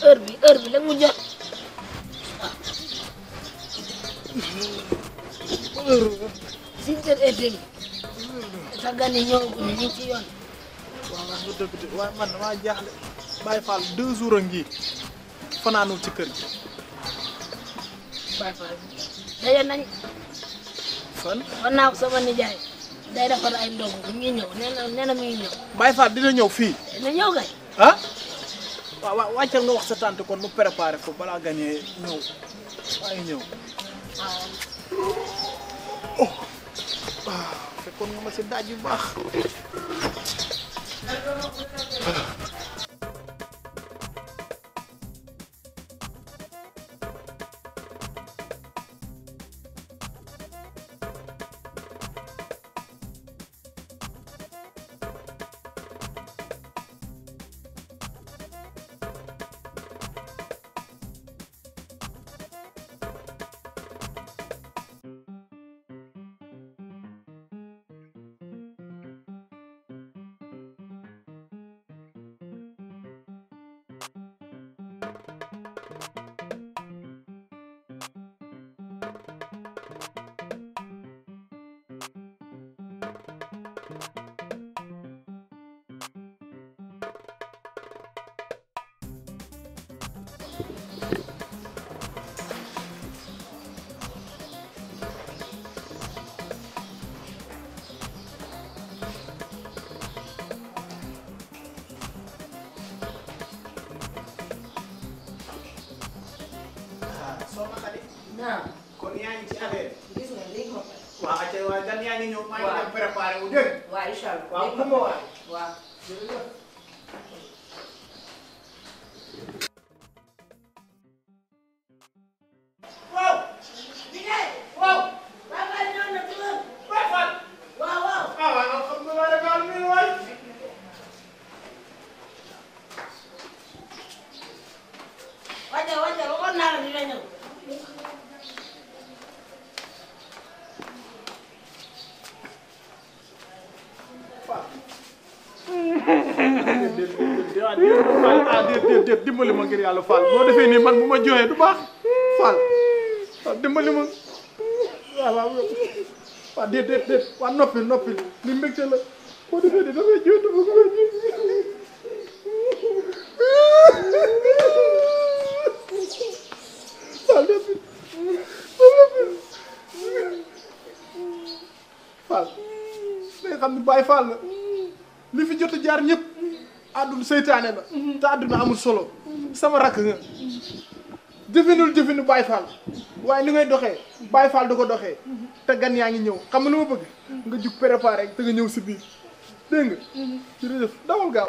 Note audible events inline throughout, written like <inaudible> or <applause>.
heure bi heure bi la mu jot six heures et demi sa gan yi ñëwaguñu ñu ci yoon waaw jaaxle Baye deux jours a ngi fanaanul ci kër gi Baye Fall daje nañ fan fan naa sama nijaay day defar ay ndogu bu ñuy ñëw nee na nee na dina ñëw fii dina ñëw kay ah waaw waaw wàccal nga wax sa tante kon mu préparé ko balaa gañee ñëw waaye ñëw oh ah, fekkoon nga ma si daaj yu baax ah. Thank you. waaw kon yaa ngi ci affaire gis nga léegi ma pare. waaw ayca waaw gan yaa ngi ñëw. waaw maa ngi dem préparé wu dégg. waaw incha allah waaw ku ma waay waaw jërëjëf. Wajal ah, wajal waxoon naa la dina ñëw. dimbali ma ngir yàlla Fall boo defee nii man bu ma jooyee du baax Fall dimbali ma waaw waaw waaw déet déet déet waaw noppi la boo defee nii dafay jooy du baax xam ne Baay Faal la li fi jot a jaar ñëpp àdduna seytaane la te àdduna amul solo sama rakk nga jëfinul jëfinu Baay Faal waaye ni ngay doxee Baay Faal du ko doxee te gan yaa ngi ñëw xam nga lu ma bëgg nga jug préparé te nga ñëw si biir dégg nga jërëjëf dawal gaaw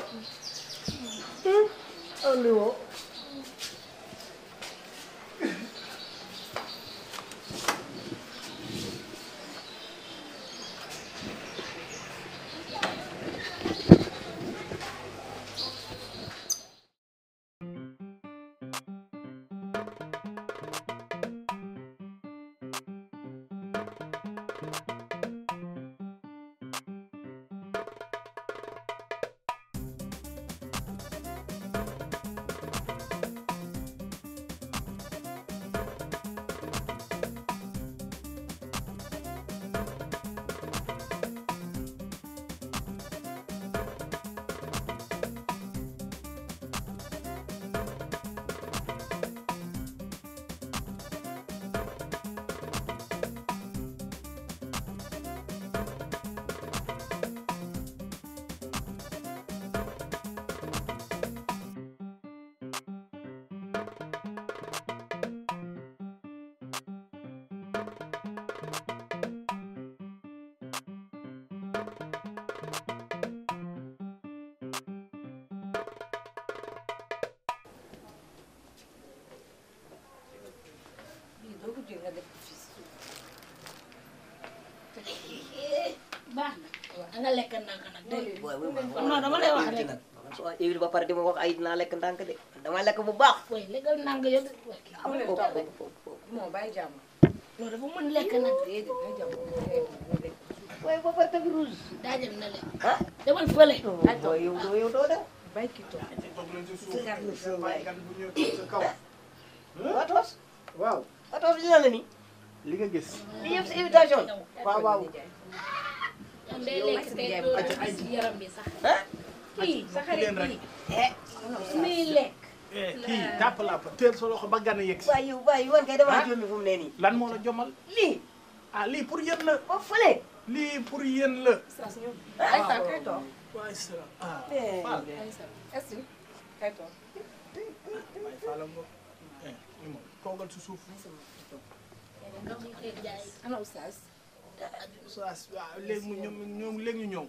def ko fii baax na nga lekk ndànk nag dégg nga non dama ma wax lekk bu baax. waaye lekkal ndànk yow nag déedéet bàyyi jàmm. waaye ba pare tamit na leen. ah demal fële. 14 dina la nii. li nga gis. li yëpp si invitation la. waaw waaw. yaram bi sax. kii sa xarit kii. Eh, muy lekk. Eh, kii tàpp laa fa teel sa loxo ba gan yegg si. waaye waaye war kay damaa ah? jommi fu mu ne nii. lan moo la jomal. lii. ah lii pour yéen la. ba fële. lii pour yéen la. Ah. ay sa kay toog. waay sa ah. Eh. est ce que kay toog. toogal si suuf. ana Oustaz. Oustaz waaw mu ñoom ñoom ñu ñëw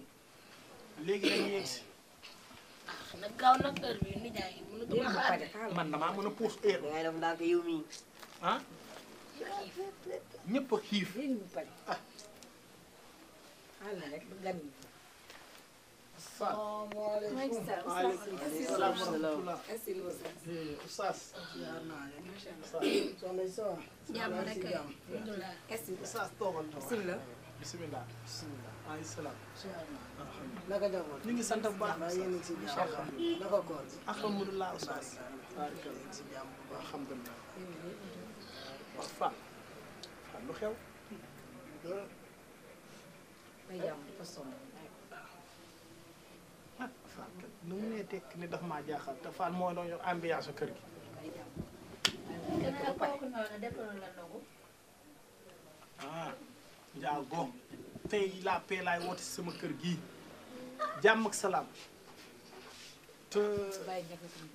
léegi dañuy yegg si. ah nag gaaw nag heure bii nit ñaa ngi mënatuma man damaa mën a puus heure. da ngay def ndànk yow mii. ah. ñëpp a xiif. ah. asalaamaaleykum waaleykum Oustaz. Oustaz toogal toogal. bisimilah. bisimilah. naka jamono. ñu ngi sant bu baax. incha allah naka koor. alhamdulilah Oustaz. alhamdulilah. wax Fall. Fall lu xew. nu mu nee tekk ni daf maa jaaxal te Fall moo doon yor ambiance kër gi. ah sama kër gi jàmm ak salaam te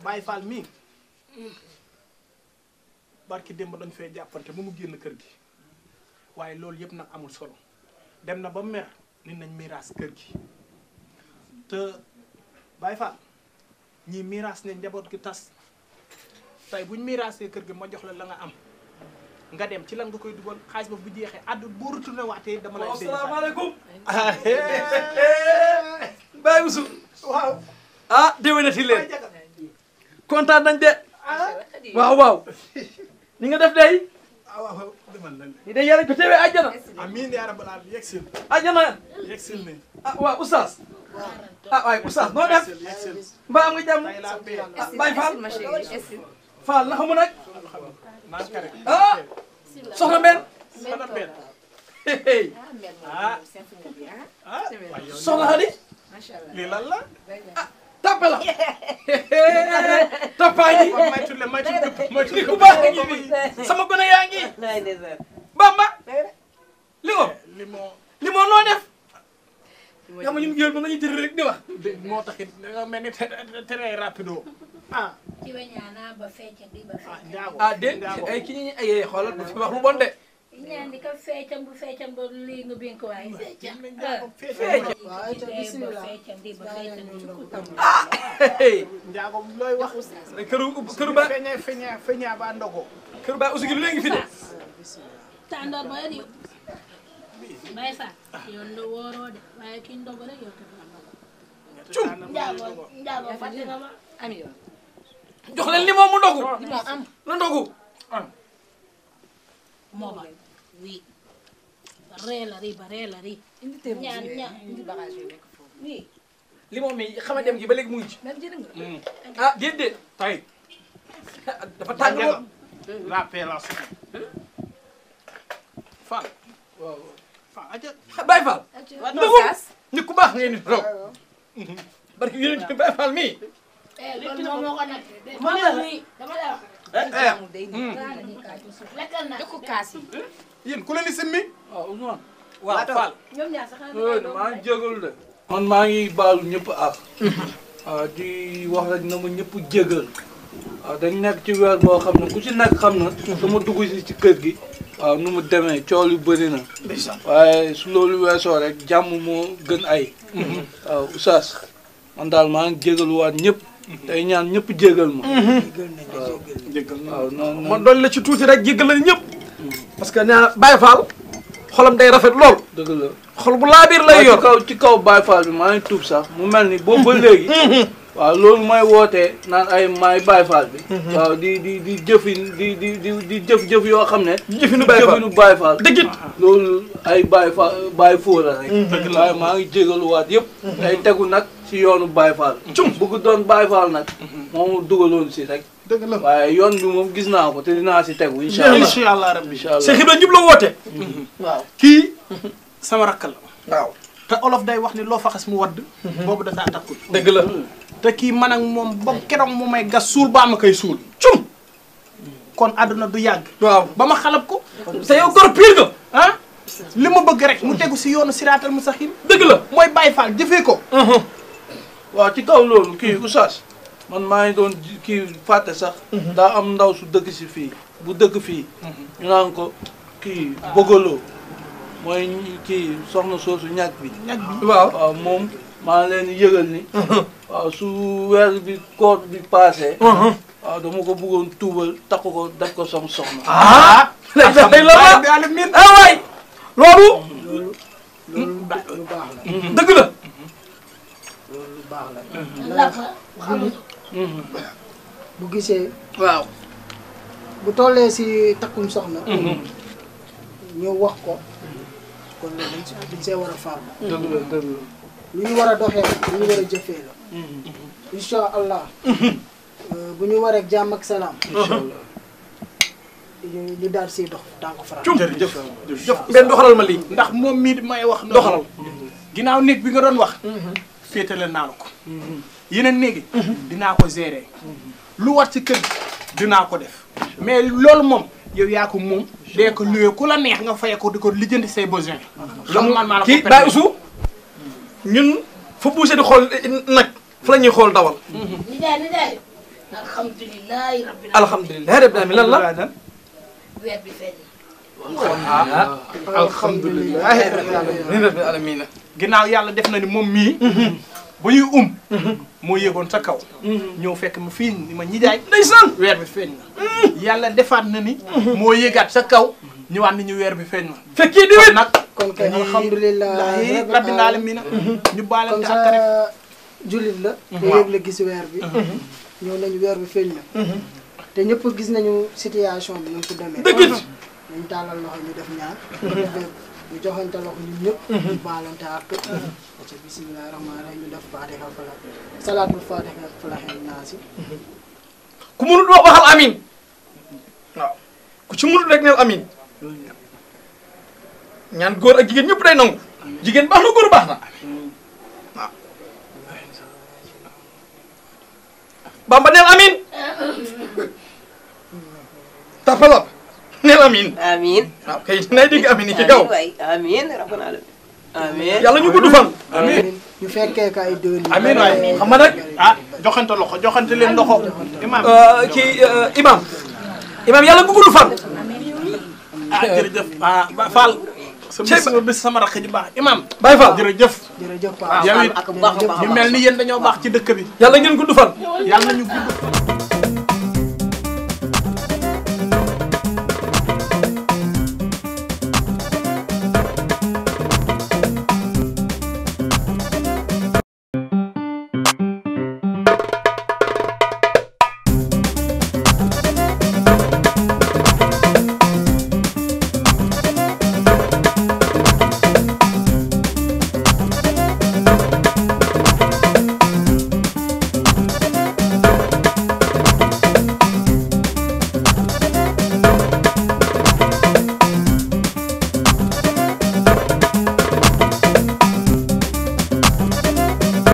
Baye Fall mii barki démb dañ fee jàppante ba mu génn kër gi waaye loolu yëpp nag amul solo dem na ba mer ni nañ miraas kër gi te Baye fa ñii miiras ne njaboot gi tas tey buñ miirasee kër gi ma jox la la nga am nga dem ci lan bu koy dugal xaalis ba bu jeexee addu boo retourné waatee dama lay. asalaamaaleykum. <laughs> Baye Oussou. waaw. ah déwénati leen. kontaan nañ de. Ah. waaw waaw. ni nga def day ah waaw demal nañ de. de ko teewee àjjana. amiin yaa rabbal ah, waaw oustaz. ah waaye oustaz noo def mbaa am nga jàmm Baye Fall Fall na xamu nag ah soxna Mbène soxna Xadi lii lan la ah tapé la tapaa ngi maytu ku baax ngi sama gone yaa li ko nga ñu ñun géwél moom la ñuy tëri rek di wax. moo taxit danga mel ni très rapido ah. ci weñaana ba fecc di ba ah, fecc. ah dégg ay ki ñu ay xoolal bu fi wax lu bon de. ñaan di ko feccam bu feccam ba lii nga bink waaye feccam feccam ah. di ba feccam ah njaago looy wax këru këru ba feña feña feña ba ndogo këru ba usugi lu léegi fi de tàndoor ba yëpp Baye Fall yow la wóoroo de waaye ki ñu te dina ma am yow. jox leen limon mu dogu. limon am na dogu. ba oui. ba ree la ri ba ñaan ñaan indi bagage yi nekk foofu. oui. limon mi dem gi ba léegi mu ngi ci. Mm. ah déedéet tay dafa tàng la paix la Fall waaw. Baye Fall. nagul nit ku baax ngeen di toog. barke yéen a ngi Baye Fall mii. loolu moom moo ko nag. moom la nii dama la wax. dëkku kaas ku leen di simmi. waaw non waaw maa ngi jégalu de. man maa ngi baalu ñëpp ak di wax rek na ma ñëpp waaw dañ nekk ci weer boo xam ne ku ci nekk xam na. dama dugg si ci kër gi. waaw nu mu demee coow yu bëri na. waaye su loolu weesoo rek jàmm moo gën ay. waaw oustaz man daal maa ngi jégaluwaat ñëpp. tey ñaan ñëpp jégal ma. jégal waaw non man doon la ci tuuti rek jégal la ñëpp. parce que nee naa Baye Fall day rafet lool. dëgg xol bu laa biir lay yor. ci kaw ci kaw Baye bi maa ngi tuub sax mu mel ni boobu ba léegi. <laughs> waaw loolu mooy wootee naan ay maay Baye Fall bi. Mhm. waaw di di di jëfin di di di di jëf jëf yoo xam ne. jëfinu Baye Fall jëfinu Baye Fall. dëgg it loolu ay Baye Fall Baye Foo la rek. Mhm. dëgg la maa ngi jégaluwaat yëpp. day mhm. tegu nag ci yoonu Baye Fall. cum bu ko doon Baye Fall nag. moom dugaloon si rek. dëgg la waaye yoon bi moom gis naa ko te dinaa si tegu. incha allah incha allah rabbi incha allah. Cheikh Ibrahima jub la woote. waaw kii sama rakk la. waaw te olof day wax ni loo faxas mu wadd. boobu dafa takkul dëgg la. te kii man ak moom ba keroog mu may gas suul ba am koy suul cum kon àdduna du yàgg waaw ba ma xalab ko te yow gor piir nga ah li ma bëgg rek mu tegu si yoonu siraatal mustaqiim dëgg la mooy Baay Faal jëfee ko uh-huh. waaw ci kaw loolu kii oustaz man maa ngi doon kii fàtte sax uh-huh. daa am ndaw su dëgg si fii bu dëgg fii uh-huh. ñu naan ko kii bëggaloo mooy kii soxna soosu ñàkk bi ñàkk bi waaw waaw moom maa leen yëgal ni. su weer bi koor bi paase. waaw dama ko bëggoon tuubal takk ko daf ko som soxna. ah. day loolu ah waay loolu. loolu lu baax la. Mm-hmm. dëgg la. loolu baax la. Mm-hmm. bu gisee. waaw. bu tollee si takkum soxna. Mm-hmm. ñëw wax ko. kon loolu war a faam. dëgg la lu ñu war a doxee lu ñu war a jëfee la. Mm-hmm. incha allah. Mm-hmm. bu ñu waree jàmm ak salaam. incha allah. ñu daal siy dox tànku Franc. jërëjëf jërëjëf benn doxalal ma lii. ndax moom mii may wax. doxalal mm-hmm. ginnaaw néeg bi nga doon wax. féetale naa la ko. yeneen néegi dinaa ko gérer. lu war ci kër dinaa ko def. mais loolu moom yow yaa ko moom. de ko luwee ku la neex nga fay ko di ko lijjanti say besoins. loolu man maa la ko kii Baye ñun fa buuse di xool nag fa la ñuy xool dawal. ni jaay ni lan la. weer bi feeñ. ah alhamdulilah rabbil alamin ginnaaw yàlla def na ni moom mii. ba ñuy um. moo yéegoon sa kaw. ñëw fekk ma fii ni ma ñi jaay. weer bi feeñ na. yàlla defaat na ni. moo yéegaat sa kaw. ñëwaat ni ñu weer bi feeñ na. fekkee di nag. kon kay alhamdulilah rabbil alamin mm-hmm. ñu baale ak rek jullit la mm-hmm. te yëg la gis weer bi mm-hmm. ñëw nañu weer bi feeñ na te ñëpp gis nañu situation bi nañ ko demee dëgg la ñu tàllal loxo ñu def ñaar ñu joxante loxo ñun ñëpp ñu baalante ak ci bismillahi rahmaani rahim ñu def fatiha fala salaatul fatiha falaxen naasi ku mënul wax waxal amin ku ci mënul rek neel amin ñaan góor ak jigéen ñëpp day jigéen baax na góor baax na waaw Bamba neel amin tapalap neel amin amin waaw kay nay amin yi ci kaw amin rabbana alamin ñu gudd fan amin ñu fekkee ko ay déwén amin waay xam nga nag ah, leen imam imam imam yàlla gudd fan sa bis sama rakk ji baax imam Baye Fall jërëjëf jërëjëf yow it ñu mel ni yéen dañoo baax ci dëkk bi yàlla ngeen gudd fan yàlla ñu gudd